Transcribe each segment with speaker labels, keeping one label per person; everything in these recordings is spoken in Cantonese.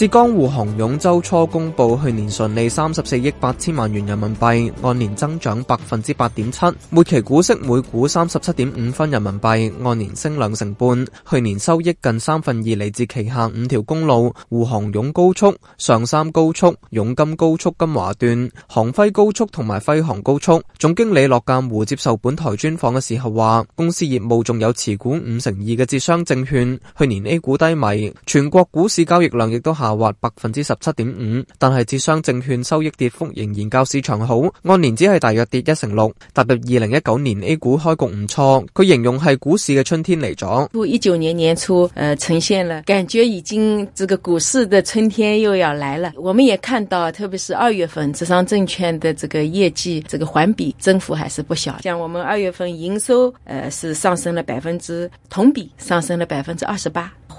Speaker 1: 浙江滬杭甬周初公布去年純利三十四億八千萬元人民幣，按年增長百分之八點七，末期股息每股三十七點五分人民幣，按年升兩成半。去年收益近三分二嚟自旗下五條公路：滬杭甬高速、上三高速、甬金高速金華段、杭徽高速同埋徽杭高速。總經理駱鑒湖接受本台專訪嘅時候話，公司業務仲有持股五成二嘅浙商證券，去年 A 股低迷，全國股市交易量亦都下。下滑百分之十七點五，但係浙商證券收益跌幅仍然較市場好，按年只係大約跌一成六。踏入二零一九年 A 股開局唔錯，佢形容係股市嘅春天嚟咗。一
Speaker 2: 九年年初，誒，呈現了感覺已經這個股市的春天又要來了。我們也看到，特別是二月份，浙商證券的這個業績，這個環比增幅還是不小。像我們二月份營收，誒，是上升了百分之，同比上升了百分之二十八。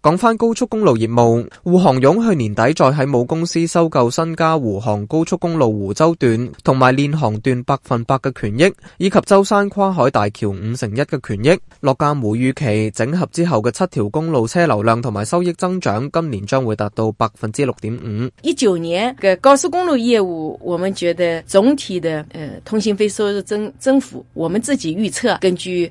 Speaker 1: 講返高速公路業務，滬杭甬去年底再喺母公司收購新加滬杭高速公路湖州段同埋練杭段百分百嘅權益，以及舟山跨海大橋五成一嘅權益。駱鑒湖預期整合之後嘅七條公路車流量同埋收益增長，今年將會達到百分之六點五。
Speaker 2: 一九年嘅高速公路業務，我們覺得總體的、呃、通行費收入增增幅，我們自己預測根據。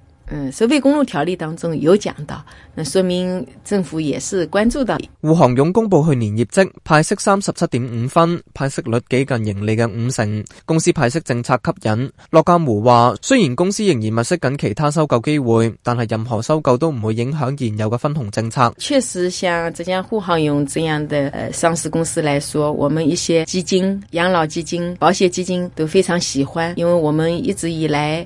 Speaker 2: 嗯，收費公路條例當中有講到，那說明政府也是關注到。
Speaker 1: 滬杭甬公布去年業績，派息三十七點五分，派息率幾近盈利嘅五成。公司派息政策吸引。駱鑒湖話，雖然公司仍然密釋緊其他收購機會，但係任何收購都唔會影響現有嘅分紅政策。
Speaker 2: 確實，像浙江滬杭甬這樣的、呃、上市公司來說，我們一些基金、養老基金、保險基金都非常喜歡，因為我們一直以來。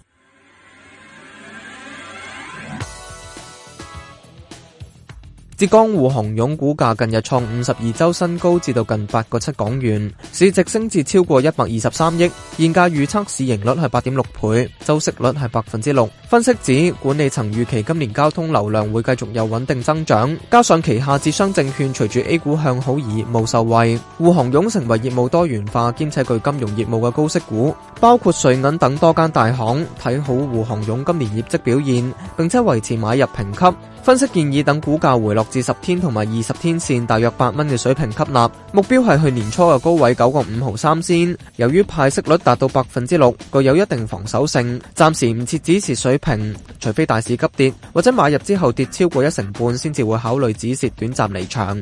Speaker 1: 浙江滬杭甬股價近日創五十二周新高，至到近八個七港元，市值升至超過一百二十三億，現價預測市盈率係八點六倍，周息率係百分之六。分析指管理層預期今年交通流量會繼續有穩定增長，加上旗下浙商證券隨住 A 股向好而業務受惠，滬杭甬成為業務多元化兼且具金融業務嘅高息股，包括瑞銀等多間大行睇好滬杭甬今年業績表現，並且維持買入評級。分析建議等股價回落至十天同埋二十天線大約八蚊嘅水平吸納，目標係去年初嘅高位九個五毫三先。由於派息率達到百分之六，具有一定防守性，暫時唔設止蝕水平，除非大市急跌或者買入之後跌超過一成半，先至會考慮止蝕短暫離場。